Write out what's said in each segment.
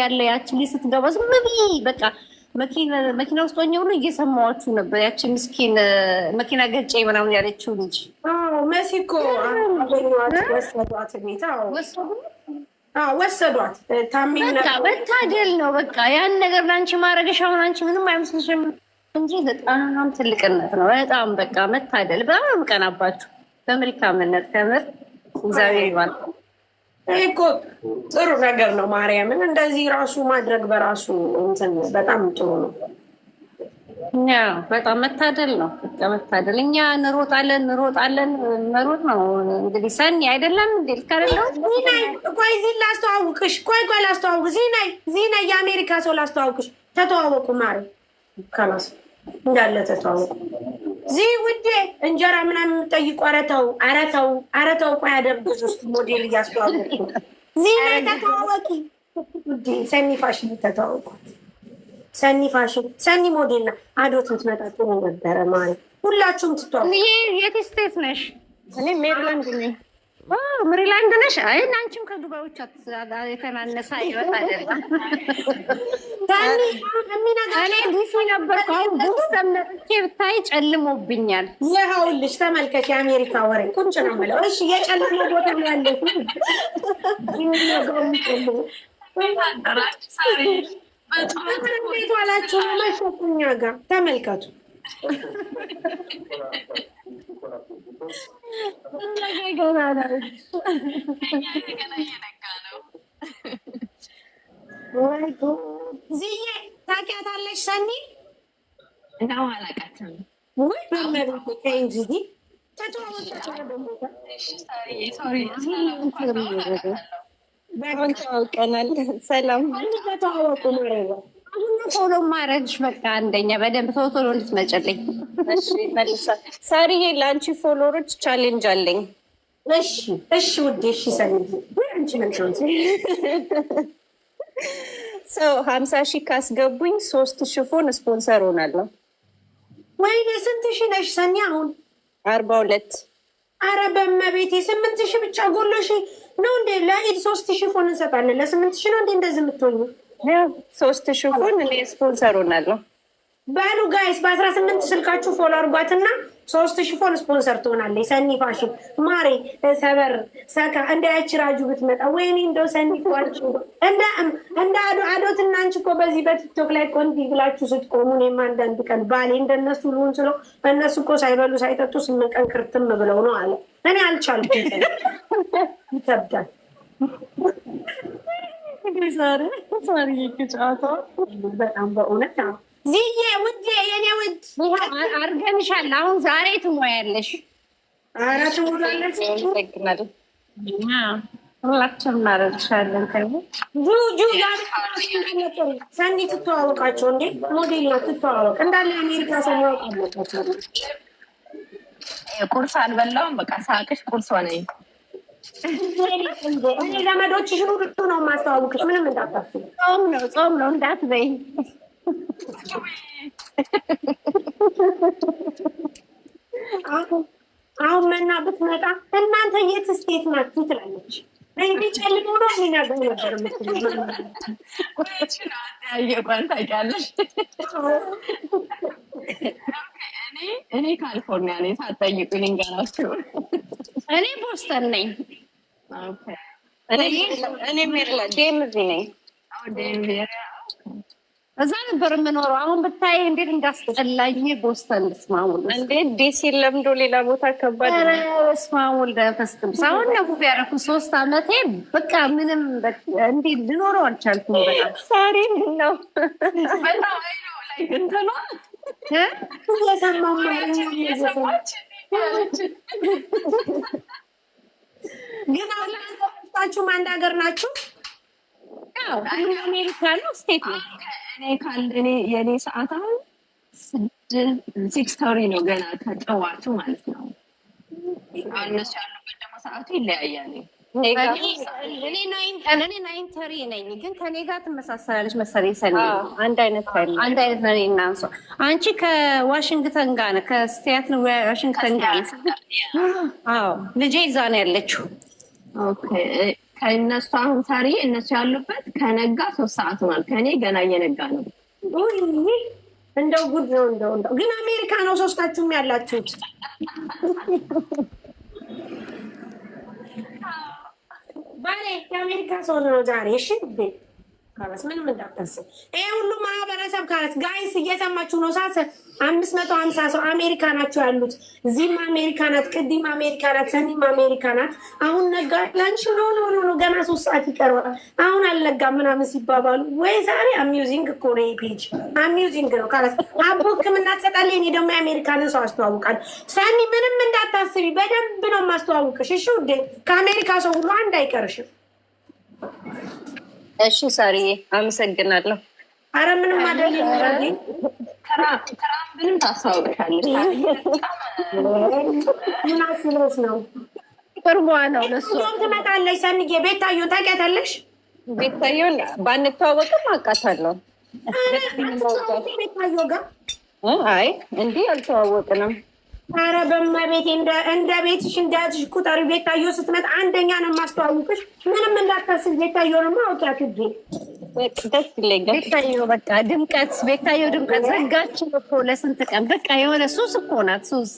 ያለ ያችን ልጅ ስትገባ ዝም ብዬ በቃ መኪና ውስጥ ሆኜ ሁሉ እየሰማኋችሁ ነበር። ያችን ምስኪን መኪና ገጨ ምናምን ያለችው ልጅ መሲኮ ወሰዷት። በታደል ነው በቃ ያን ነገር ለአንቺ ማድረግሽ አሁን አንቺ ምንም አይመስልሽም እንጂ በጣም ትልቅነት ነው። በጣም በቃ መታደል። በጣም ቀናባችሁ በመልካምነት ከምር እግዚአብሔር ይባል። እኮ ጥሩ ነገር ነው። ማርያምን እንደዚህ ራሱ ማድረግ በራሱ እንትን በጣም ጥሩ ነው። በጣም መታደል ነው። መታደል እኛ እንሮጣለን እንሮጣለን መሮጥ ነው እንግዲህ። ሰኒ አይደለም እንዴ? ቆይ ዚህ ላስተዋውቅሽ፣ ቆይ ቆይ ላስተዋውቅ፣ ዚናይ ዚናይ፣ የአሜሪካ ሰው ላስተዋውቅሽ። ተተዋወቁ ማሪ ከላስ እንዳለ ተተዋወቁ። እዚህ ውዴ እንጀራ ምናምን የምጠይቁ አረተው አረተው አረተው እኮ ያደርጉት ውስጥ ሞዴል እያስተዋወቁ እዚህ ላይ ተተዋወቂ ውዴ። ሰኒ ፋሽን ተተዋወቁት። ሰኒ ፋሽን ሰኒ ሞዴል ና አዶት ምትመጣ ጥሩ ነበረ ማለት ሁላችሁም ትተዋወቁ። የት ስቴት ነሽ? እኔ ሜሪላንድ ነኝ። ሜሪላንድ ነሽ? አይ አንቺ ከአበባዎች የተናነሰ ህይወት አይደለም። ብታይ ጨልሞብኛል። ይኸውልሽ ተመልከች፣ የአሜሪካ ወሬ ቁንጭ ነው የምለው። እሺ የጨለመ ቦታ ያለ ጋር ተመልከቱ ዝዬ ታውቂያታለሽ? ሰኒ ነው አላውቃትም። ውይ በመልኩ ሰላም አሁን ቶሎ ማረግሽ በቃ አንደኛ በደንብ ቶሎ ቶሎ እንድትመጭልኝ ሳሪዬ፣ ለአንቺ ፎሎሮች ቻሌንጅ አለኝ። እሺ እሺ ውዴ፣ እሺ ሰው ሀምሳ ሺህ ካስገቡኝ ሶስት ሽፎን ስፖንሰር ሆናለሁ። ወይኔ ስንት ሺህ ነሽ ሰኒ? አሁን አርባ ሁለት አረ በመቤቴ ስምንት ሺህ ብቻ ጎሎሽ ነው እንዴ? ለኢድ ሶስት ሽፎን እንሰጣለን። ለስምንት ሺህ ነው እንዴ እንደዚህ የምትሆኙ? ሶስት ሽፉን እኔ ስፖንሰር ሆናለሁ። በሉ ጋይስ በአስራ ስምንት ስልካችሁ ፎሎ አድርጓትና ሶስት ሽፎን ስፖንሰር ትሆናለች። ሰኒ ፋሽን ማሬ ሰበር ሰካ እንደ ያቺ ራጁ ብትመጣ ወይኔ እንደው ሰኒ እንደ አዶት እናንቺ እኮ በዚህ በቲክቶክ ላይ እኮ እንዲህ ብላችሁ ስትቆሙ እኔም አንዳንድ ቀን ባሌ እንደነሱ ልሆን ስለው እነሱ እኮ ሳይበሉ ሳይጠጡ ስምንት ቀን ክርትም ብለው ነው አለ። እኔ አልቻልኩም። ይከብዳል ዛሬ ጨዋታው ዝዬ የኔ ውድ አድርገንሻል። አሁን ዛሬ ትሞያለሽ። ሁላችንም እናደርግሻለን። ሰኒ ትተዋወቃቸው እንዴ ሞዴል ነው። ትተዋወቅ እንዳለ ቁርስ አልበላውም። በቃ ሳቅሽ ቁርስ ሆነኝ። እኔ ዘመዶችሽን ሁሉ ነው የማስተዋውቅሽ። ምንም እንዳታስቢ። ጾም ነው ጾም ነው እንዳትበይ። አሁን መና ብትመጣ እናንተ የት ስቴት ናችሁ ትላለች። እንግዲህ ጨልሞ ነው የሚናገር ነበር ምትልየባል ታውቂያለሽ። እኔ ካሊፎርኒያ ነኝ። ሳትጠይቁኝ ልንገራችሁ እኔ ቦስተን ነኝ። እኔ ሜሪላንድ ዴምቪ ነኝ። እዛ ነበር የምኖረው። አሁን ብታይ እንዴት እንዳስጠላኝ ቦስተን። ስማሙ እንዴት ዴሲ ለምዶ ሌላ ቦታ ከባድ ስማሙል ደፈስትም አሁን ነው ያደረኩ ሶስት አመቴ በቃ ምንም እንዴ ልኖረው አልቻልኩም። በጣም ሳሪ ነው በጣም ግን አሁንታችሁም አንድ ሀገር ናችሁ? አሜሪካ ነው ስቴት ነው። እኔ የእኔ ሰዓት አሁን ሲክስ ተሪ ነው ገና ከጠዋቱ ማለት ነው። እነሱ ያሉበት ደግሞ ሰዓቱ ይለያያል። እኔ ናይንተሪ ነኝ፣ ግን ከኔ ጋር ትመሳሰላለች መሰለኝ። አንድ አይነት አንድ አይነት እናንሷ አንቺ ከዋሽንግተን ጋር ነው፣ ዋሽንግተን ጋር ነው። ልጄ እዛ ነው ያለችው። ከእነሱ አሁን እነሱ ያሉበት ከነጋ ሶስት ሰዓት ሆኗል። ከእኔ ገና እየነጋ ነው። እንደው ጉድ ነው። እንደው ግን አሜሪካ ነው ሶስታችሁም ያላችሁት ባሌ የአሜሪካ ሰው ነው ዛሬ። እሺ ካላት ምንም እንዳታስብ። ይሄ ሁሉ ማህበረሰብ ካላት ጋይስ እየሰማችሁ ነው። ሳሰ አምስት መቶ ሀምሳ ሰው አሜሪካ ናቸው ያሉት። እዚህም አሜሪካ ናት፣ ቅድም አሜሪካ ናት፣ ሰኒም አሜሪካ ናት። አሁን ነጋ ላንሽ ኖ ኖ ኖ ገና ሶስት ሰዓት ይቀርባል፣ አሁን አልነጋ ምናምን ሲባባሉ ወይ ዛሬ አሚውዚንግ እኮ ነው ፔጅ አሚውዚንግ ነው ካላት አቦ ህክምና ትሰጣለ። እኔ ደግሞ የአሜሪካንን ሰው አስተዋውቃል። ሰኒ ምንም እንዳታስቢ፣ በደንብ ነው ማስተዋውቅሽ። እሺ ውዴ፣ ከአሜሪካ ሰው ሁሉ አንድ አይቀርሽም። እሺ ሳሪዬ አመሰግናለሁ። አረ ምንም አደለ። ትራምፕንም ታስተዋውቅሻለሽ። ምን አስበሽ ነው? ቅርቧ ነው ለሱ ትመጣለች። ሰንጌ ቤታዮ ታውቂያታለሽ? ቤታዮን ባንተዋወቅም አውቃታለሁ። ቤታዮ ጋር አይ እንዲህ አልተዋወቅንም። ኧረ በእመቤቴ እንደ ቤትሽ እንዳያትሽ ቁጠሪ። ቤታዮ ስትመጣ አንደኛ ነው የማስተዋውቅሽ። ምንም እንዳታስብ። ቤታዮንማ ነው ግ ደስ ይለኛል። ቤታዮ በቃ ድምቀት፣ ቤታዮ ድምቀት ዘጋችን እኮ ለስንት ቀን በቃ የሆነ ሱስ እኮ ናት ሱስ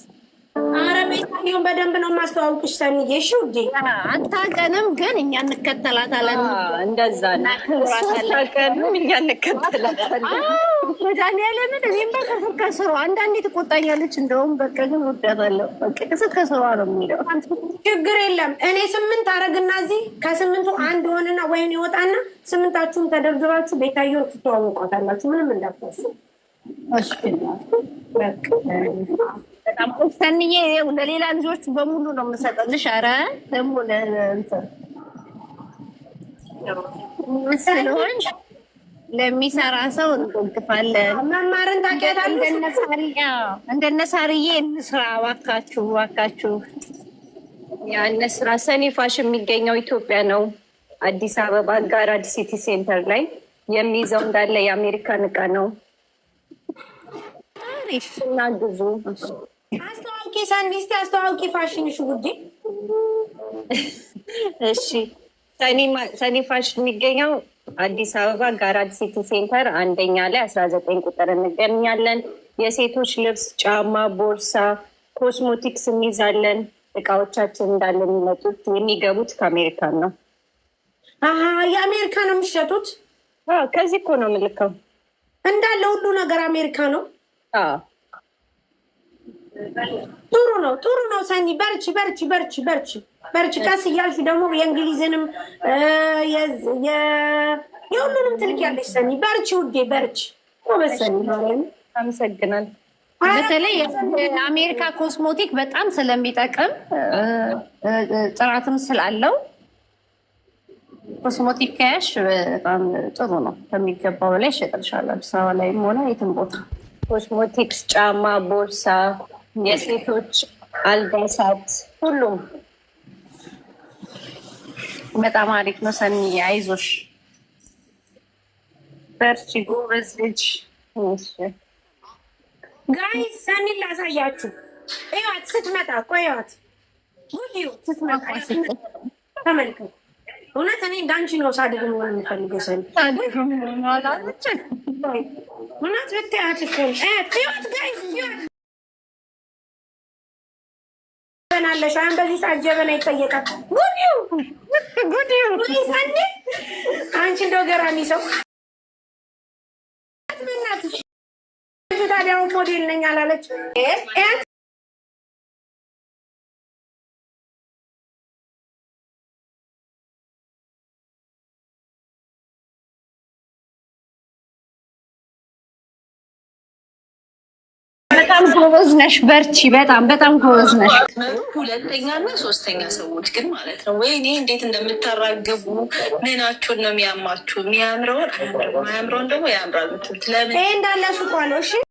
አረ ቤታየውን በደንብ ነው ማስተዋወቅሽ ሰሚዬ። እሺ ውዴ አታውቀንም፣ ግን እኛ እንከተላታለን። እንደዛ ነውአታውቀንም፣ እኛ እንከተላታለን። መድኃኒዓለምን እኔም በቃ ከስሯ አንዳንዴ ትቆጣኛለች። እንደውም በቃ ግን ውዳታለሁ። ስር ከስሯ ነው የሚለው ችግር የለም። እኔ ስምንት አረግና እዚህ ከስምንቱ አንድ ሆነና ወይን ይወጣና ስምንታችሁም ተደርድራችሁ ቤታየውን ትተዋወቋታላችሁ። ምንም እንዳትወሱ በጣም ሰንዬ ለሌላ ልጆች በሙሉ ነው የምሰጠልሽ። ኧረ ደግሞ ለሚሰራ ሰው እንቆልጥፋለን። መማርን ታውቂያለሽ። እንደነ ሳርዬ እንስራ። እባካችሁ እባካችሁ፣ ያነ ስራ ሰኔ ፋሽን የሚገኘው ኢትዮጵያ ነው። አዲስ አበባ ጋራድ ሲቲ ሴንተር ላይ የሚይዘው እንዳለ የአሜሪካን እቃ ነው። እና ግዙ አስተዋውቂ ሳንዲስቲ አስተዋውቂ ፋሽንሽ ውዴ። እሺ ሰኒ ፋሽን የሚገኘው አዲስ አበባ ጋራድ ሲቲ ሴንተር አንደኛ ላይ አስራ ዘጠኝ ቁጥር እንገኛለን። የሴቶች ልብስ፣ ጫማ፣ ቦርሳ፣ ኮስሞቲክስ እንይዛለን። እቃዎቻችን እንዳለ የሚመጡት የሚገቡት ከአሜሪካን ነው። የአሜሪካ ነው የሚሸጡት። ከዚህ እኮ ነው የምልከው። እንዳለ ሁሉ ነገር አሜሪካ ነው። ጥሩ ነው፣ ጥሩ ነው። ሰኒ በርቺ፣ በርቺ፣ በርቺ፣ በርቺ፣ በርቺ። ቀስ እያልሽ ደግሞ የእንግሊዝንም የሁሉንም ትልቅ ያለሽ ሰኒ በርቺ፣ ውዴ በርቺ። ቆመሰኒ አመሰግናል። በተለይ የአሜሪካ ኮስሞቲክ በጣም ስለሚጠቅም ጥራትም ስላለው ኮስሞቲክ ከያሽ በጣም ጥሩ ነው። ከሚገባው በላይ ይሸጥልሻል። አዲስ አበባ ላይም ሆነ የትም ቦታ ኮስሞቲክስ፣ ጫማ፣ ቦርሳ የሴቶች አልባሳት ሁሉም በጣም አሪፍ ነው። ሰኒ አይዞሽ፣ በርቺ ጎበዝ ልጅ። ጋይ ሰኒ ላሳያችሁ፣ እዩዋት ስትመጣ። ቆይ እዩዋት፣ ስትመጣ ተመልከት። እውነት እኔ እንዳንቺ ነው ሳድግ መሆን የምፈልገው ሰኒ። እውነት ብታያት እኮ እዩዋት፣ ጋይ እዩዋት ትበላለሽ። አሁን በዚህ ሰዓት ጀበና ይጠየቃል። ጉዲው ጉዲው አንቺ እንደው ገራሚ ሰው ታዲያው ሞዴል ነኝ አላለች በጣም ጎበዝ ነሽ፣ በርቺ። በጣም በጣም ጎበዝ ነሽ። ሁለተኛ እና ሶስተኛ ሰዎች ግን ማለት ነው ወይ እኔ እንዴት እንደምታራግቡ ምናችሁን ነው የሚያማችሁ? የሚያምረውን ማያምረውን ደግሞ ያምራል። ለምን እንዳለ ሱቋ